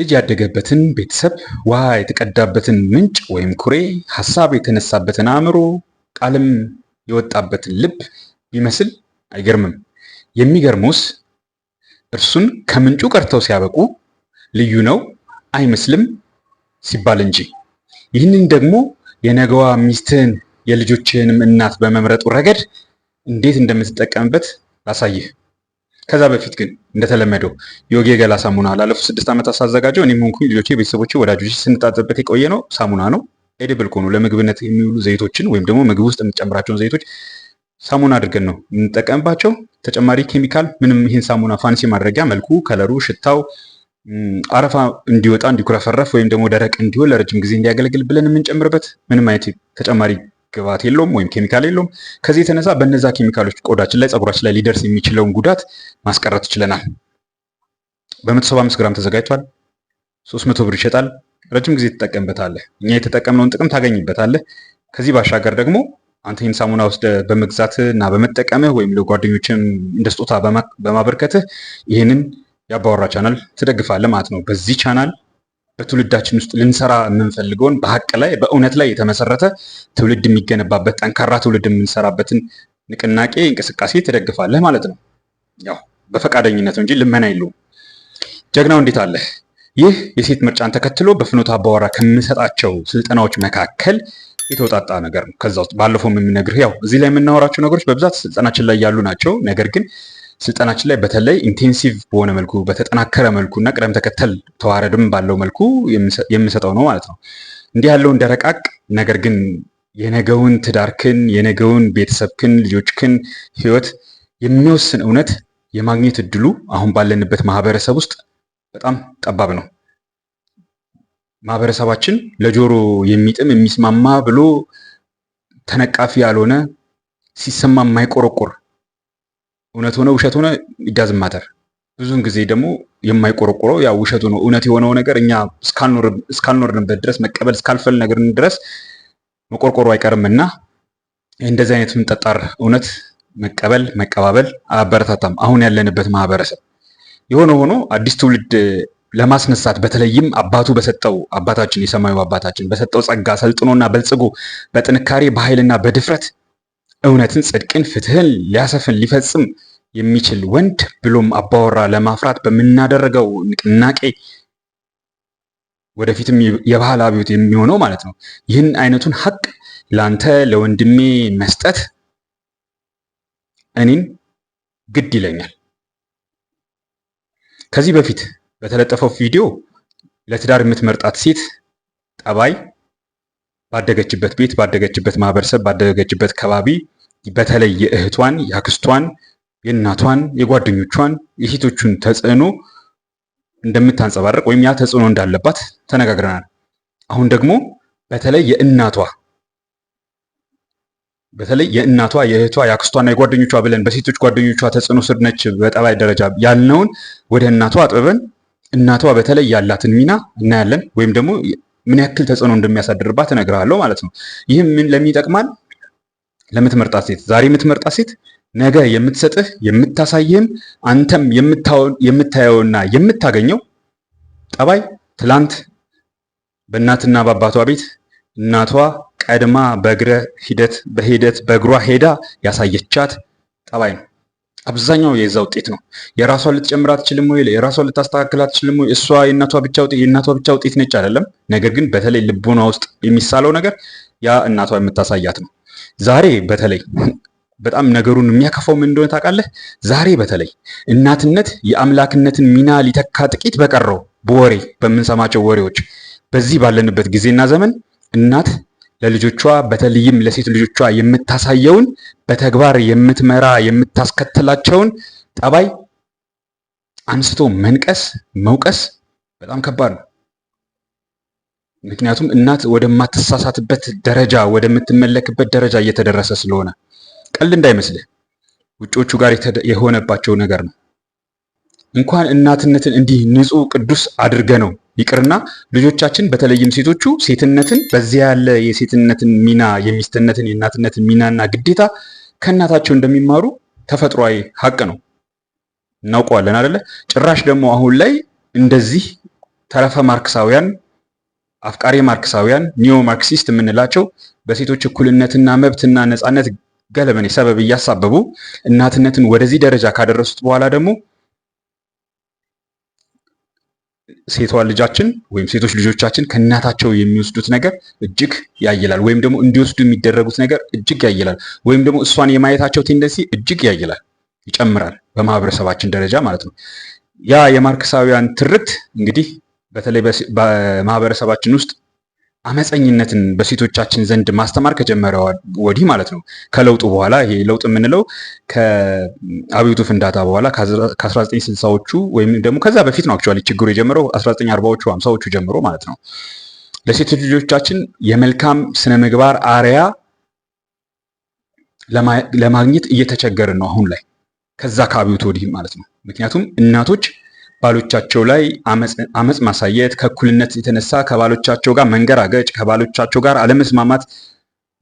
ልጅ ያደገበትን ቤተሰብ፣ ውሃ የተቀዳበትን ምንጭ ወይም ኩሬ፣ ሀሳብ የተነሳበትን አእምሮ፣ ቃልም የወጣበትን ልብ ቢመስል አይገርምም። የሚገርመውስ እርሱን ከምንጩ ቀርተው ሲያበቁ ልዩ ነው አይመስልም ሲባል እንጂ። ይህንን ደግሞ የነገዋ ሚስትህን የልጆችህንም እናት በመምረጡ ረገድ እንዴት እንደምትጠቀምበት ላሳይህ። ከዛ በፊት ግን እንደተለመደው ዮጊ የገላ ሳሙና ላለፉት ስድስት ዓመታት ሳዘጋጀው እኔም ሆንኩኝ ልጆቼ፣ ቤተሰቦች፣ ወዳጆች ስንጣጥበት የቆየ ነው ሳሙና ነው። ኤድብል ከሆኑ ለምግብነት የሚውሉ ዘይቶችን ወይም ደግሞ ምግብ ውስጥ የምጨምራቸውን ዘይቶች ሳሙና አድርገን ነው የምንጠቀምባቸው። ተጨማሪ ኬሚካል ምንም ይህን ሳሙና ፋንሲ ማድረጊያ መልኩ፣ ከለሩ፣ ሽታው አረፋ እንዲወጣ እንዲኩረፈረፍ ወይም ደግሞ ደረቅ እንዲሆን ለረጅም ጊዜ እንዲያገለግል ብለን የምንጨምርበት ምንም አይነት ተጨማሪ ግባት የለውም ወይም ኬሚካል የለውም። ከዚህ የተነሳ በነዛ ኬሚካሎች ቆዳችን ላይ ጸጉራችን ላይ ሊደርስ የሚችለውን ጉዳት ማስቀረት ችለናል። በ175 ግራም ተዘጋጅቷል። 300 ብር ይሸጣል። ረጅም ጊዜ ትጠቀምበታለህ። እኛ የተጠቀምነውን ጥቅም ታገኝበታለህ። ከዚህ ባሻገር ደግሞ አንተ ይህን ሳሙና ውስጥ በመግዛት እና በመጠቀምህ ወይም ለጓደኞችም እንደ ስጦታ በማበርከትህ ይህንን ያባወራ ቻናል ትደግፋለህ ማለት ነው። በዚህ ቻናል በትውልዳችን ውስጥ ልንሰራ የምንፈልገውን በሀቅ ላይ በእውነት ላይ የተመሰረተ ትውልድ የሚገነባበት ጠንካራ ትውልድ የምንሰራበትን ንቅናቄ እንቅስቃሴ ትደግፋለህ ማለት ነው። ያው በፈቃደኝነት እንጂ ልመና የለውም። ጀግናው እንዴት አለህ? ይህ የሴት ምርጫን ተከትሎ በፍኖተ አባወራ ከምንሰጣቸው ስልጠናዎች መካከል የተወጣጣ ነገር ነው። ከዛ ውስጥ ባለፈው የምነግርህ ያው እዚህ ላይ የምናወራቸው ነገሮች በብዛት ስልጠናችን ላይ ያሉ ናቸው። ነገር ግን ስልጠናችን ላይ በተለይ ኢንቴንሲቭ በሆነ መልኩ በተጠናከረ መልኩ እና ቅደም ተከተል ተዋረድም ባለው መልኩ የምንሰጠው ነው ማለት ነው። እንዲህ ያለውን ደረቃቅ ነገር ግን የነገውን ትዳርክን፣ የነገውን ቤተሰብክን፣ ልጆችክን ህይወት የሚወስን እውነት የማግኘት እድሉ አሁን ባለንበት ማህበረሰብ ውስጥ በጣም ጠባብ ነው። ማህበረሰባችን ለጆሮ የሚጥም የሚስማማ ብሎ ተነቃፊ ያልሆነ ሲሰማ የማይቆረቆር እውነት ሆነ ውሸት ሆነ ዳዝን ማተር። ብዙውን ጊዜ ደግሞ የማይቆረቆረው ያ ውሸቱ ነው። እውነት የሆነው ነገር እኛ እስካልኖርንበት ድረስ መቀበል እስካልፈል ነገርን ድረስ መቆርቆሮ አይቀርም እና እንደዚህ አይነት ምንጠጣር እውነት መቀበል መቀባበል አበረታታም። አሁን ያለንበት ማህበረሰብ የሆነ ሆኖ አዲስ ትውልድ ለማስነሳት በተለይም አባቱ በሰጠው አባታችን የሰማዩ አባታችን በሰጠው ጸጋ ሰልጥኖና በልጽጎ በጥንካሬ በኃይልና በድፍረት እውነትን፣ ጽድቅን፣ ፍትህን ሊያሰፍን ሊፈጽም የሚችል ወንድ ብሎም አባወራ ለማፍራት በምናደረገው ንቅናቄ ወደፊትም የባህል አብዮት የሚሆነው ማለት ነው። ይህን አይነቱን ሀቅ ለአንተ ለወንድሜ መስጠት እኔን ግድ ይለኛል። ከዚህ በፊት በተለጠፈው ቪዲዮ ለትዳር የምትመርጣት ሴት ጠባይ ባደገችበት ቤት፣ ባደገችበት ማህበረሰብ፣ ባደገችበት ከባቢ በተለይ የእህቷን፣ የአክስቷን፣ የእናቷን፣ የጓደኞቿን፣ የሴቶቹን ተጽዕኖ እንደምታንጸባርቅ ወይም ያ ተጽዕኖ እንዳለባት ተነጋግረናል። አሁን ደግሞ በተለይ የእናቷ በተለይ የእናቷ የእህቷ የአክስቷና የጓደኞቿ ብለን በሴቶች ጓደኞቿ ተጽዕኖ ስር ነች በጠባይ ደረጃ ያልነውን ወደ እናቷ አጥበበን እናቷ በተለይ ያላትን ሚና እናያለን ወይም ደግሞ ምን ያክል ተጽዕኖ እንደሚያሳድርባት እነግርሃለሁ ማለት ነው። ይህም ምን ለሚጠቅማል? ለምትመርጣት ሴት ዛሬ የምትመርጣት ሴት ነገ የምትሰጥህ የምታሳይህም አንተም የምታየውና የምታገኘው ጠባይ ትላንት በእናትና በአባቷ ቤት እናቷ ቀድማ በእግረ ሂደት በሂደት በእግሯ ሄዳ ያሳየቻት ጠባይ ነው። አብዛኛው የዛ ውጤት ነው። የራሷ ልትጨምር አትችልም ወይ? የራሷ ልታስተካክል አትችልም ወይ? እሷ የእናቷ ብቻ ውጤት የእናቷ ብቻ ውጤት ነች አይደለም። ነገር ግን በተለይ ልቦና ውስጥ የሚሳለው ነገር ያ እናቷ የምታሳያት ነው። ዛሬ በተለይ በጣም ነገሩን የሚያከፋው ምን እንደሆነ ታውቃለህ? ዛሬ በተለይ እናትነት የአምላክነትን ሚና ሊተካ ጥቂት በቀረው በወሬ በምንሰማቸው ወሬዎች በዚህ ባለንበት ጊዜና ዘመን እናት ለልጆቿ በተለይም ለሴት ልጆቿ የምታሳየውን በተግባር የምትመራ የምታስከትላቸውን ጠባይ አንስቶ መንቀስ መውቀስ በጣም ከባድ ነው። ምክንያቱም እናት ወደማትሳሳትበት ደረጃ ወደምትመለክበት ደረጃ እየተደረሰ ስለሆነ ቀልድ እንዳይመስልህ ውጮቹ ጋር የሆነባቸው ነገር ነው። እንኳን እናትነትን እንዲህ ንጹሕ ቅዱስ አድርገ ነው ይቅርና ልጆቻችን በተለይም ሴቶቹ ሴትነትን በዚያ ያለ የሴትነትን ሚና የሚስትነትን የእናትነትን ሚናና ግዴታ ከእናታቸው እንደሚማሩ ተፈጥሯዊ ሀቅ ነው። እናውቀዋለን አደለ? ጭራሽ ደግሞ አሁን ላይ እንደዚህ ተረፈ ማርክሳውያን፣ አፍቃሪ ማርክሳውያን፣ ኒዮ ማርክሲስት የምንላቸው በሴቶች እኩልነትና መብትና ነፃነት ገለመኔ ሰበብ እያሳበቡ እናትነትን ወደዚህ ደረጃ ካደረሱት በኋላ ደግሞ ሴቷ ልጃችን ወይም ሴቶች ልጆቻችን ከእናታቸው የሚወስዱት ነገር እጅግ ያይላል፣ ወይም ደግሞ እንዲወስዱ የሚደረጉት ነገር እጅግ ያይላል፣ ወይም ደግሞ እሷን የማየታቸው ቴንደንሲ እጅግ ያይላል፣ ይጨምራል፣ በማህበረሰባችን ደረጃ ማለት ነው። ያ የማርክሳውያን ትርክት እንግዲህ በተለይ በማህበረሰባችን ውስጥ አመፀኝነትን በሴቶቻችን ዘንድ ማስተማር ከጀመረ ወዲህ ማለት ነው። ከለውጡ በኋላ ይሄ ለውጥ የምንለው ከአብዮቱ ፍንዳታ በኋላ ከ1960ዎቹ ወይም ደግሞ ከዛ በፊት ነው አክቹዋሊ ችግሩ የጀመረው 1940ዎቹ 50ዎቹ ጀምሮ ማለት ነው። ለሴት ልጆቻችን የመልካም ስነ ምግባር አርያ ለማግኘት እየተቸገርን ነው አሁን ላይ ከዛ ከአብዮቱ ወዲህ ማለት ነው። ምክንያቱም እናቶች ባሎቻቸው ላይ አመፅ ማሳየት፣ ከእኩልነት የተነሳ ከባሎቻቸው ጋር መንገራገጭ፣ ከባሎቻቸው ጋር አለመስማማት፣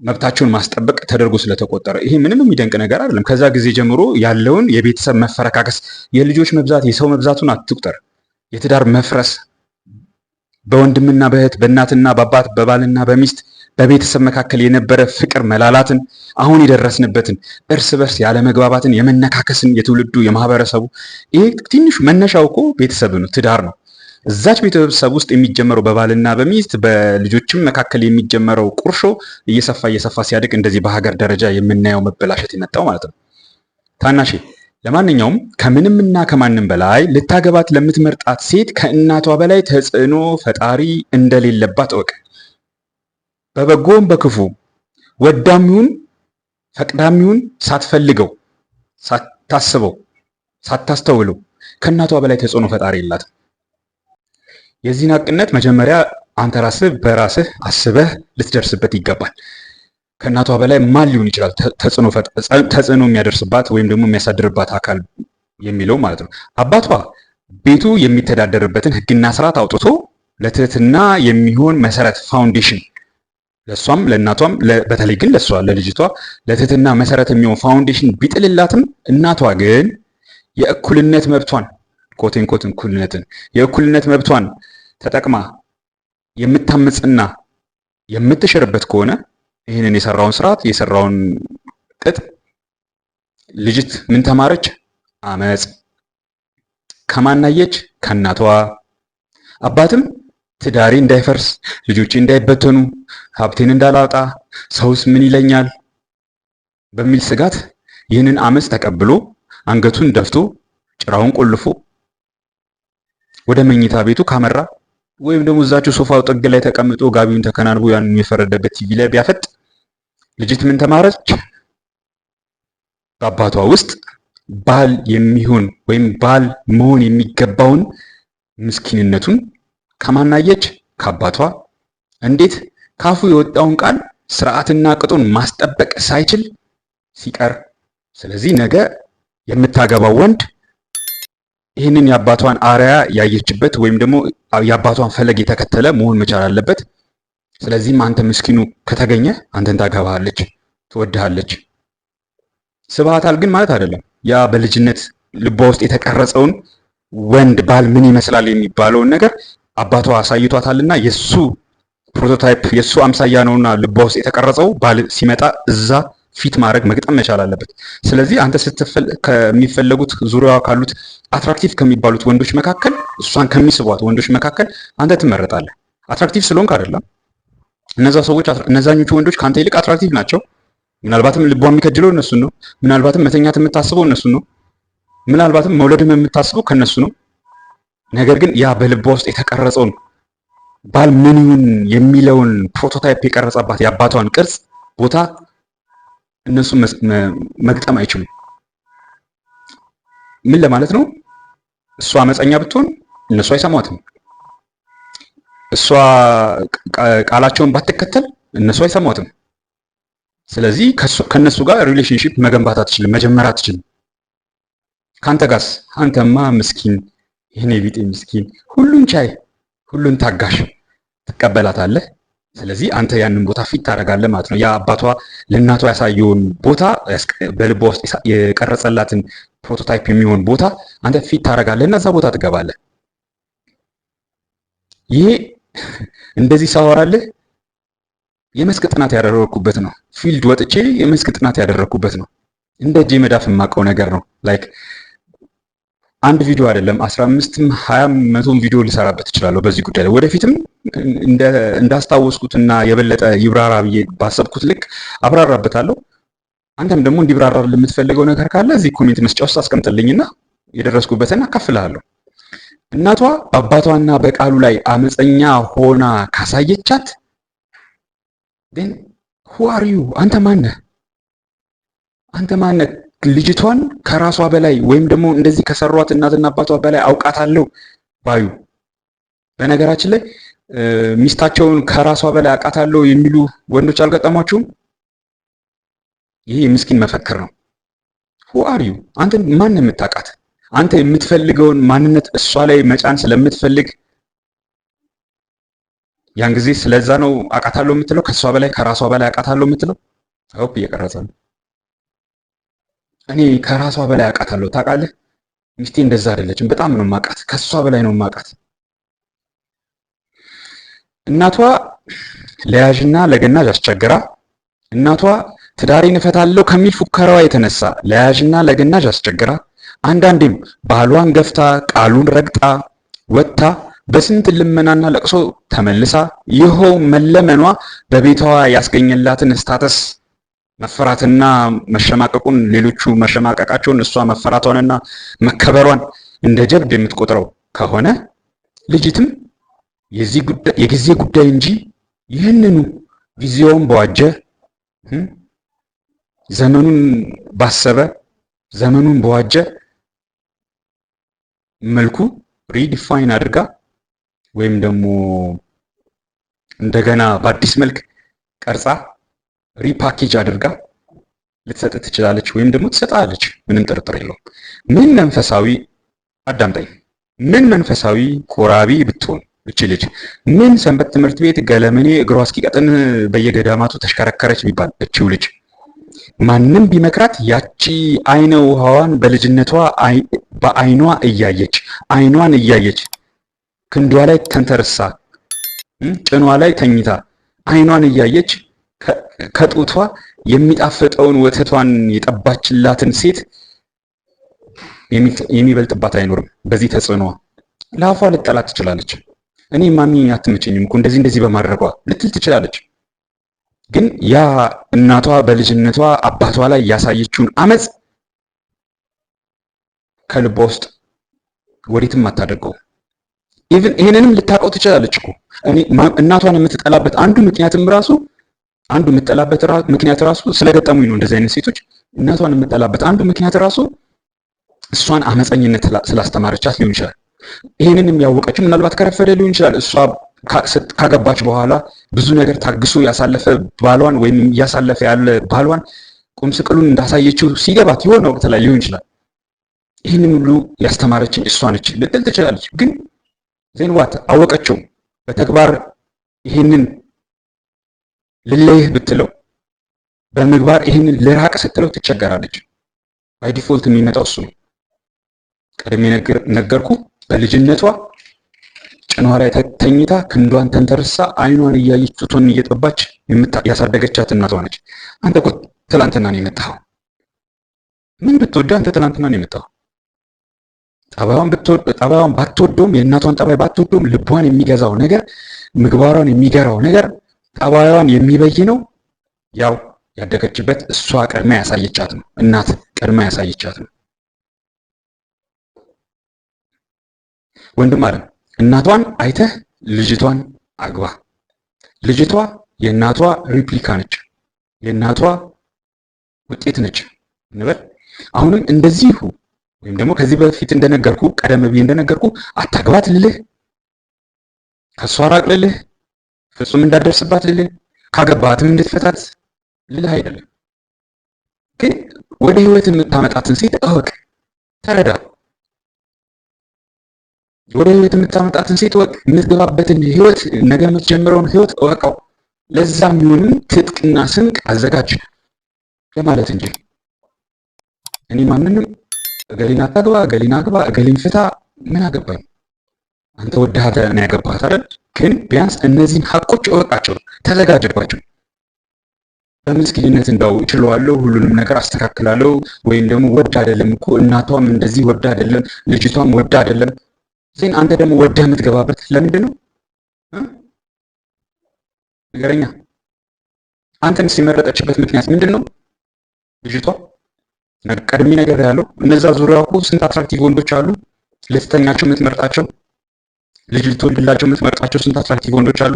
መብታቸውን ማስጠበቅ ተደርጎ ስለተቆጠረ ይሄ ምንም የሚደንቅ ነገር አይደለም። ከዛ ጊዜ ጀምሮ ያለውን የቤተሰብ መፈረካከስ፣ የልጆች መብዛት፣ የሰው መብዛቱን አትቁጠር፣ የትዳር መፍረስ በወንድምና በእህት በእናትና በአባት በባልና በሚስት በቤተሰብ መካከል የነበረ ፍቅር መላላትን፣ አሁን የደረስንበትን እርስ በርስ ያለመግባባትን፣ የመነካከስን፣ የትውልዱ የማህበረሰቡ ይሄ ትንሹ መነሻው እኮ ቤተሰብ ነው፣ ትዳር ነው። እዛች ቤተሰብ ውስጥ የሚጀመረው በባልና በሚስት በልጆችም መካከል የሚጀመረው ቁርሾ እየሰፋ እየሰፋ ሲያድግ እንደዚህ በሀገር ደረጃ የምናየው መበላሸት የመጣው ማለት ነው። ታናሽ ለማንኛውም ከምንምና ከማንም በላይ ልታገባት ለምትመርጣት ሴት ከእናቷ በላይ ተጽዕኖ ፈጣሪ እንደሌለባት እወቅ። በበጎም በክፉ ወዳሚውን ፈቅዳሚውን ሳትፈልገው ሳታስበው ሳታስተውለው ከእናቷ በላይ ተጽዕኖ ፈጣሪ የላትም። የዚህን አቅነት መጀመሪያ አንተ ራስህ በራስህ አስበህ ልትደርስበት ይገባል። ከእናቷ በላይ ማን ሊሆን ይችላል ተጽዕኖ የሚያደርስባት ወይም ደግሞ የሚያሳድርባት አካል የሚለው ማለት ነው። አባቷ ቤቱ የሚተዳደርበትን ሕግና ስርዓት አውጥቶ ለትህትና የሚሆን መሰረት ፋውንዴሽን ለእሷም ለእናቷም በተለይ ግን ለእሷ ለልጅቷ ለትህትና መሰረት የሚሆን ፋውንዴሽን ቢጥልላትም እናቷ ግን የእኩልነት መብቷን ኮቴን እኩልነትን የእኩልነት መብቷን ተጠቅማ የምታምፅና የምትሽርበት ከሆነ ይህንን የሰራውን ስርዓት የሰራውን ቅጥ ልጅት ምን ተማረች? አመፅ። ከማናየች ከእናቷ አባትም ትዳሪ እንዳይፈርስ፣ ልጆቼ እንዳይበተኑ፣ ሀብቴን እንዳላጣ፣ ሰውስ ምን ይለኛል በሚል ስጋት ይህንን አመፅ ተቀብሎ አንገቱን ደፍቶ ጭራውን ቆልፎ ወደ መኝታ ቤቱ ካመራ ወይም ደግሞ እዛችሁ ሶፋው ጥግ ላይ ተቀምጦ ጋቢውን ተከናንቦ ያንን የፈረደበት ቲቪ ላይ ቢያፈጥ ልጅት ምን ተማረች? በአባቷ ውስጥ ባል የሚሆን ወይም ባል መሆን የሚገባውን ምስኪንነቱን ከማናየች ከአባቷ እንዴት ካፉ የወጣውን ቃል ስርዓትና ቅጡን ማስጠበቅ ሳይችል ሲቀር። ስለዚህ ነገ የምታገባው ወንድ ይህንን የአባቷን አርያ ያየችበት ወይም ደግሞ የአባቷን ፈለግ የተከተለ መሆን መቻል አለበት። ስለዚህም አንተ ምስኪኑ ከተገኘ አንተን ታገባሃለች፣ ትወድሃለች። ስብሃታል ግን ማለት አይደለም። ያ በልጅነት ልቧ ውስጥ የተቀረጸውን ወንድ ባል ምን ይመስላል የሚባለውን ነገር አባቷ አሳይቷታልና የሱ ፕሮቶታይፕ የሱ አምሳያ ነውና ልቧ ውስጥ የተቀረጸው ባል ሲመጣ እዛ ፊት ማድረግ መግጠም መቻል አለበት። ስለዚህ አንተ ከሚፈለጉት ዙሪያዋ ካሉት አትራክቲቭ ከሚባሉት ወንዶች መካከል እሷን ከሚስቧት ወንዶች መካከል አንተ ትመረጣለህ። አትራክቲቭ ስለሆንክ አይደለም። እነዛ ሰዎች እነዛኞቹ ወንዶች ከአንተ ይልቅ አትራክቲቭ ናቸው። ምናልባትም ልቧ የሚከጅለው እነሱን ነው። ምናልባትም መተኛት የምታስበው እነሱን ነው። ምናልባትም መውለድም የምታስበው ከነሱ ነው። ነገር ግን ያ በልቧ ውስጥ የተቀረጸውን ባል ምን ይሁን የሚለውን ፕሮቶታይፕ የቀረጸባት የአባቷን ቅርጽ ቦታ እነሱ መግጠም አይችሉም። ምን ለማለት ነው? እሷ አመፀኛ ብትሆን እነሱ አይሰማትም። እሷ ቃላቸውን ባትከተል እነሱ አይሰማትም። ስለዚህ ከእነሱ ጋር ሪሌሽንሽፕ መገንባት አትችልም፣ መጀመር አትችልም። ከአንተ ጋርስ አንተማ ምስኪን ይህን የቢጤ ምስኪን ሁሉን ቻይ ሁሉን ታጋሽ ትቀበላታለህ። ስለዚህ አንተ ያንን ቦታ ፊት ታደርጋለህ ማለት ነው። ያ አባቷ ለእናቷ ያሳየውን ቦታ በልቧ ውስጥ የቀረጸላትን ፕሮቶታይፕ የሚሆን ቦታ አንተ ፊት ታደርጋለህ እና እዛ ቦታ ትገባለህ። ይሄ እንደዚህ ሳወራልህ የመስክ ጥናት ያደረግኩበት ነው። ፊልድ ወጥቼ የመስክ ጥናት ያደረግኩበት ነው። እንደ እጄ መዳፍ የማውቀው ነገር ነው ላይክ አንድ ቪዲዮ አይደለም 15 አምስትም ሀያም መቶም ቪዲዮ ልሰራበት እችላለሁ በዚህ ጉዳይ ላይ ወደፊትም እንዳስታወስኩትና የበለጠ ይብራራ ብዬ ባሰብኩት ልክ አብራራበታለሁ። አንተም ደግሞ እንዲብራራ የምትፈልገው ነገር ካለ እዚህ ኮሜንት መስጫ ውስጥ አስቀምጥልኝና የደረስኩበትን አካፍልሃለሁ። እናቷ በአባቷና በቃሉ ላይ አመፀኛ ሆና ካሳየቻት ግን ሁዋሪዩ አንተ ማነህ? አንተ ማነህ? ልጅቷን ከራሷ በላይ ወይም ደግሞ እንደዚህ ከሰሯት እናትና አባቷ በላይ አውቃታለሁ ባዩ በነገራችን ላይ ሚስታቸውን ከራሷ በላይ አውቃታለሁ የሚሉ ወንዶች አልገጠሟችሁም? ይሄ የምስኪን መፈክር ነው። ሁ አር ዩ አንተ ማን የምታውቃት? አንተ የምትፈልገውን ማንነት እሷ ላይ መጫን ስለምትፈልግ ያን ጊዜ ስለዛ ነው አውቃታለሁ የምትለው። ከእሷ በላይ ከራሷ በላይ አውቃታለሁ የምትለው። ሆፕ እየቀረጸ ነው። እኔ ከራሷ በላይ አውቃታለሁ። ታውቃለህ፣ ሚስቴ እንደዛ አይደለችም። በጣም ነው ማውቃት፣ ከሷ በላይ ነው ማውቃት። እናቷ ለያዥና ለገናዥ አስቸግራ፣ እናቷ ትዳሬን እፈታለሁ ከሚል ፉከራዋ የተነሳ ለያዥና ለገናዥ አስቸግራ፣ አንዳንዴም ባህሏን ገፍታ፣ ቃሉን ረግጣ ወጥታ በስንት ልመናና ለቅሶ ተመልሳ ይኸው መለመኗ በቤቷ ያስገኘላትን ስታተስ መፈራትና መሸማቀቁን ሌሎቹ መሸማቀቃቸውን እሷ መፈራቷንና መከበሯን እንደ ጀብድ የምትቆጥረው ከሆነ ልጅትም የጊዜ ጉዳይ እንጂ ይህንኑ ጊዜውን በዋጀ ዘመኑን ባሰበ ዘመኑን በዋጀ መልኩ ሪዲፋይን አድርጋ ወይም ደግሞ እንደገና በአዲስ መልክ ቀርጻ ሪፓኬጅ አድርጋ ልትሰጥ ትችላለች፣ ወይም ደግሞ ትሰጣለች። ምንም ጥርጥር የለውም። ምን መንፈሳዊ አዳምጠኝ፣ ምን መንፈሳዊ ኮራቢ ብትሆን እች ልጅ ምን ሰንበት ትምህርት ቤት ገለመኔ እግሯ እስኪቀጥን በየገዳማቱ ተሽከረከረች ቢባል እችው ልጅ ማንም ቢመክራት ያቺ አይነ ውሃዋን በልጅነቷ በአይኗ እያየች አይኗን እያየች ክንዷ ላይ ተንተርሳ ጭኗ ላይ ተኝታ አይኗን እያየች ከጡቷ የሚጣፍጠውን ወተቷን የጠባችላትን ሴት የሚበልጥባት አይኖርም። በዚህ ተጽዕኖዋ ለአፏ ልጠላ ትችላለች። እኔ ማሚ አትመቸኝም እኮ እንደዚህ እንደዚህ በማድረጓ ልትል ትችላለች። ግን ያ እናቷ በልጅነቷ አባቷ ላይ ያሳየችውን አመፅ ከልቧ ውስጥ ወዴትም አታደርገው። ኢቭን ይሄንንም ልታውቀው ትችላለች እኮ እኔ እናቷን የምትጠላበት አንዱ ምክንያትም ራሱ አንዱ የምጠላበት ምክንያት ራሱ ስለገጠሙኝ ነው እንደዚህ አይነት ሴቶች እናቷን የምጠላበት አንዱ ምክንያት ራሱ እሷን አመፀኝነት ስላስተማረቻት ሊሆን ይችላል። ይህንን የሚያወቀችው ምናልባት ከረፈደ ሊሆን ይችላል። እሷ ካገባች በኋላ ብዙ ነገር ታግሶ ያሳለፈ ባሏን ወይም እያሳለፈ ያለ ባሏን ቁም ስቅሉን እንዳሳየችው ሲገባት የሆነ ወቅት ላይ ሊሆን ይችላል። ይህንን ሁሉ ያስተማረችኝ እሷ ነች ልትል ትችላለች። ግን ዜንዋት አወቀችው በተግባር ይህንን ልለይህ ብትለው በምግባር ይህንን ልራቅ ስትለው ትቸገራለች። ባይ ዲፎልት የሚመጣው እሱ ነው። ቀደም ነገርኩ። በልጅነቷ ጭኗ ላይ ተኝታ ክንዷን ተንተርሳ አይኗን እያየች ጡቷን እየጠባች ያሳደገቻት እናቷ ነች። አንተ እኮ ትላንትና ነው የመጣኸው። ምን ብትወድ አንተ ትላንትና ነው የመጣኸው። ጠባዩን ባትወደውም የእናቷን ጠባይ ባትወደውም ልቧን የሚገዛው ነገር ምግባሯን የሚገራው ነገር ጠባዩዋም የሚበይ ነው። ያው ያደገችበት እሷ ቀድማ ያሳየቻት ነው። እናት ቀድማ ያሳየቻት ነው። ወንድም አለም እናቷን አይተህ ልጅቷን አግባ። ልጅቷ የእናቷ ሪፕሊካ ነች፣ የእናቷ ውጤት ነች እንበል። አሁንም እንደዚሁ ወይም ደግሞ ከዚህ በፊት እንደነገርኩ ቀደም ብዬ እንደነገርኩ አታግባት ልልህ፣ ከእሷ ራቅ ልልህ ፍጹም እንዳደርስባት ልልህ ካገባትም እንድትፈታት ልልህ አይደለም። ግን ወደ ህይወት የምታመጣትን ሴት እወቅ፣ ተረዳ። ወደ ህይወት የምታመጣትን ሴት እወቅ። የምትገባበትን ህይወት፣ ነገ የምትጀምረውን ህይወት እወቀው። ለዛ የሚሆንም ትጥቅና ስንቅ አዘጋጅ ለማለት እንጂ እኔ ማንንም እገሌን አታግባ፣ እገሌን አግባ፣ እገሌን ፍታ ምን አገባኝ? አንተ ወደሃት እና ያገባሃት አይደል? ግን ቢያንስ እነዚህን ሀቆች እወቃቸው፣ ተዘጋጀባቸው። በምስኪንነት እንዳው እችለዋለሁ ሁሉንም ነገር አስተካክላለሁ፣ ወይም ደግሞ ወድ አይደለም እኮ እናቷም እንደዚህ ወድ አይደለም፣ ልጅቷም ወድ አይደለም። ዜን አንተ ደግሞ ወደህ የምትገባበት ለምንድን ነው ነገረኛ? አንተንስ የመረጠችበት ምክንያት ምንድን ነው? ልጅቷ ቀድሜ ነገር ያለው እነዛ ዙሪያ እኮ ስንት አትራክቲቭ ወንዶች አሉ ልትተኛቸው የምትመርጣቸው ልጅ ልትወልድላቸው የምትመርጣቸው ስንት አትራክቲቭ ወንዶች አሉ።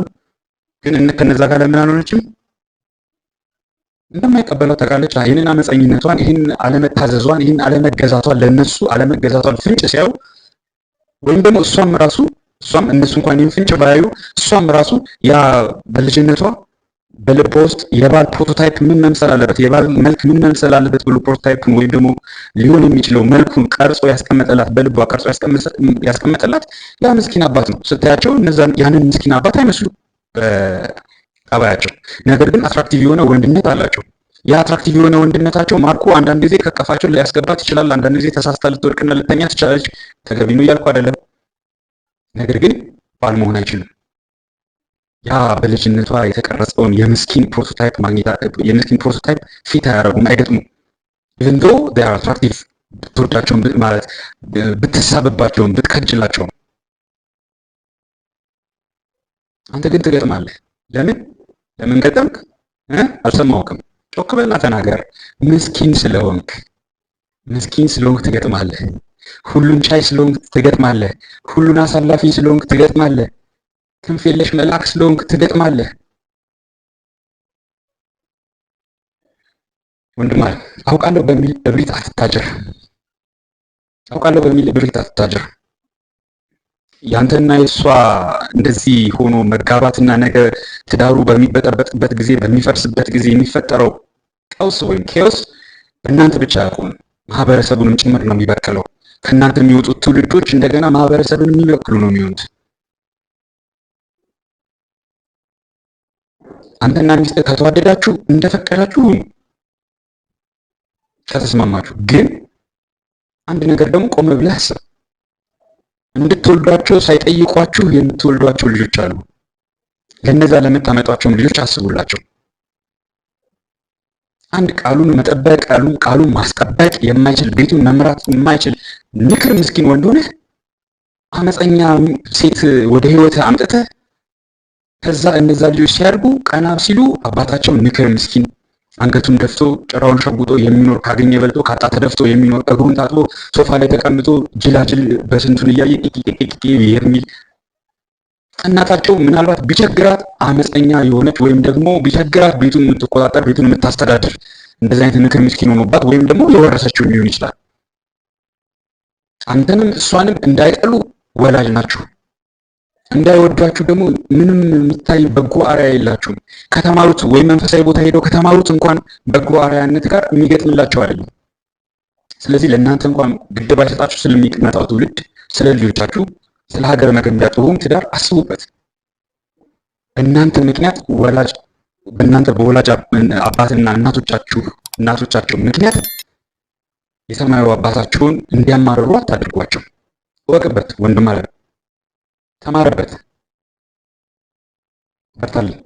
ግን እነ ከነዛ ጋር ለምን አልሆነችም? እንደማይቀበለው ታውቃለች። ይህንን አመፀኝነቷን፣ ይህን አለመታዘዟን፣ ይህን አለመገዛቷን፣ ለእነሱ አለመገዛቷን ፍንጭ ሲያዩ ወይም ደግሞ እሷም ራሱ እሷም እነሱ እንኳን ይህን ፍንጭ ባያዩ እሷም ራሱ ያ በልጅነቷ በልቦ ውስጥ የባል ፕሮቶታይፕ ምን መምሰል አለበት፣ የባል መልክ ምን መምሰል አለበት ብሎ ፕሮቶታይፕን ወይም ደግሞ ሊሆን የሚችለው መልኩን ቀርጾ ያስቀመጠላት በልቧ ቀርጾ ያስቀመጠላት ያ ምስኪን አባት ነው። ስታያቸው እነዛን ያንን ምስኪን አባት አይመስሉም በጠባያቸው። ነገር ግን አትራክቲቭ የሆነ ወንድነት አላቸው። ያ አትራክቲቭ የሆነ ወንድነታቸው ማርኮ አንዳንድ ጊዜ ከቀፋቸው ሊያስገባት ይችላል። አንዳንድ ጊዜ ተሳስታ ልትወድቅና ልተኛ ትችላለች። ተገቢ ነው እያልኩ አይደለም። ነገር ግን ባል መሆን አይችልም። ያ በልጅነቷ የተቀረጸውን የምስኪን ፕሮቶታይፕ ማግኘት የምስኪን ፕሮቶታይፕ ፊት አያደርጉም፣ አይገጥሙም። ኢቨን ዶ ዴይ አር አትራክቲቭ ብትወዳቸውም ማለት ብትሳብባቸውም ብትከጅላቸውም አንተ ግን ትገጥማለህ። ለምን ለምን ገጠምክ? አልሰማውክም። ጮክ በልና ተናገር። ምስኪን ስለሆንክ ምስኪን ስለሆንክ ትገጥማለህ። ሁሉን ቻይ ስለሆንክ ትገጥማለህ። ሁሉን አሳላፊ ስለሆንክ ትገጥማለህ። ክንፍ የለሽ መልአክ ስለሆንክ ትገጥማለህ። ወንድማ አውቃለሁ በሚል እብሪት አትታጀር። አውቃለሁ በሚል እብሪት አትታጀር። ያንተና የእሷ እንደዚህ ሆኖ መጋባትና ነገ ትዳሩ በሚበጠበጥበት ጊዜ በሚፈርስበት ጊዜ የሚፈጠረው ቀውስ ወይም ኬዎስ በእናንተ ብቻ ያቁም፣ ማህበረሰቡንም ጭምር ነው የሚበክለው። ከእናንተ የሚወጡት ትውልዶች እንደገና ማህበረሰብን የሚበክሉ ነው የሚሆኑት። አንተና ሚስት ከተዋደዳችሁ እንደፈቀዳችሁ ሁኑ ከተስማማችሁ። ግን አንድ ነገር ደግሞ ቆመ ብለህ አስብ። እንድትወልዷቸው ሳይጠይቋችሁ የምትወልዷቸው ልጆች አሉ። ለነዛ ለምታመጧቸውም ልጆች አስቡላቸው። አንድ ቃሉን መጠበቅ ቃሉን ቃሉን ማስጠበቅ የማይችል ቤቱን መምራት የማይችል ምክር ምስኪን ወንድ ሆነህ አመፀኛ ሴት ወደ ህይወት አምጥተህ ከዛ እነዛ ልጆች ሲያድጉ ቀና ሲሉ አባታቸው ንክር ምስኪን አንገቱን ደፍቶ ጭራውን ሸጉጦ የሚኖር ካገኘ በልቶ ካጣ ተደፍቶ የሚኖር እግሩን ታጥቦ ሶፋ ላይ ተቀምጦ ጅላጅል በስንቱን እያየ የሚል እናታቸው ምናልባት ቢቸግራት አመፀኛ የሆነች ወይም ደግሞ ቢቸግራት ቤቱን የምትቆጣጠር ቤቱን የምታስተዳድር እንደዚህ አይነት ንክር ምስኪን ሆኖባት ወይም ደግሞ የወረሰችው ሊሆን ይችላል። አንተንም እሷንም እንዳይጠሉ ወላጅ ናችሁ። እንዳይወዷችሁ ደግሞ ምንም የሚታይ በጎ አርያ የላችሁም። ከተማሩት ወይም መንፈሳዊ ቦታ ሄደው ከተማሩት እንኳን በጎ አርያነት ጋር የሚገጥምላቸው አይደለም። ስለዚህ ለእናንተ እንኳን ግድብ አይሰጣችሁ ስለሚመጣው ትውልድ፣ ስለ ልጆቻችሁ፣ ስለ ሀገር መገንቢያ ጥሩም ትዳር አስቡበት። በእናንተ ምክንያት ወላጅ በእናንተ በወላጅ አባትና እናቶቻችሁ እናቶቻቸው ምክንያት የሰማዩ አባታችሁን እንዲያማርሩ አታድርጓቸው። እወቅበት ወንድም ተማረበት፣ በርታለን።